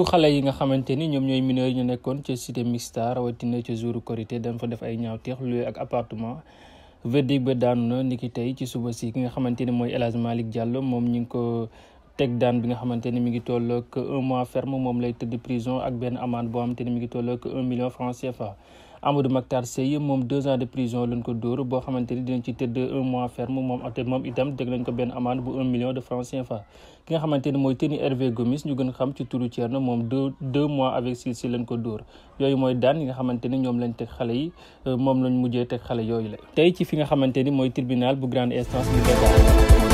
surtout xale yi nga xamante ni ñoom ñooy mineurs ñu nekkoon ca cité mixta rawatina ca jouru korité dañ fa def ay ñaawteex luy ak appartement verdict ba daanu ni ki tey ci suba si ki nga xamante ni mooy El Hadj Malick moom ñu ngi ko teg daan bi nga xamante ni mi ngi tolloog un mois ferme moom lay tëdd prison ak benn amende boo xamante ni mi ngi tolloog un million franc CFA. Amadou Mactar Seye moom deux ans de prison lañ ko dóor boo xamante ni dinañ ci tëdd un mois ferme moom ate moom itam dégg nañ ko benn amende bu un million de francs CFA ki nga xamante ni mooy Teni Hervé Gomis ñu gën xam ci turu Thierno moom deux mois avec sursis lañ ko dóor yooyu mooy daan yi nga xamante ni ñoom lañ teg xale yi euh, moom lañ mujjee teg xale yooyu la tey ci fi nga xamante ni mooy tribunal bu grande instance bu Dakar